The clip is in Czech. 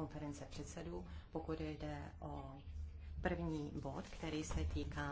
konference předsedů, pokud jde o první bod, který se týká